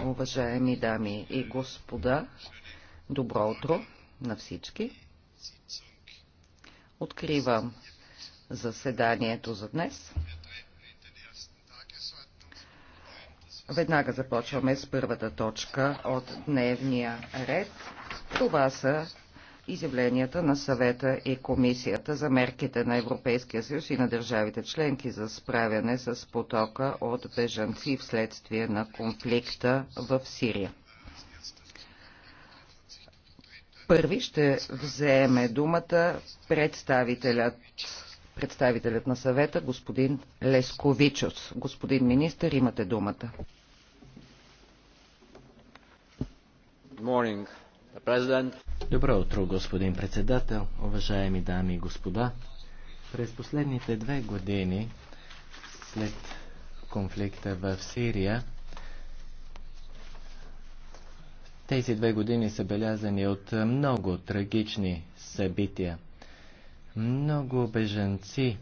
Уважаеми дами и господа, добро утро на всички. Откривам заседанието за днес. Веднага започваме с първата точка от дневния ред. Това са изявленията на съвета и комисията за мерките на Европейския съюз и на държавите членки за справяне с потока от бежанци вследствие на конфликта в Сирия. Първи ще вземе думата представителят, представителят на съвета, господин Лесковичус. Господин министър, имате думата. Good morning. Добро утро, господин председател, уважаеми дами и господа. През последните две години след конфликта в Сирия, тези две години са белязани от много трагични събития. Много беженци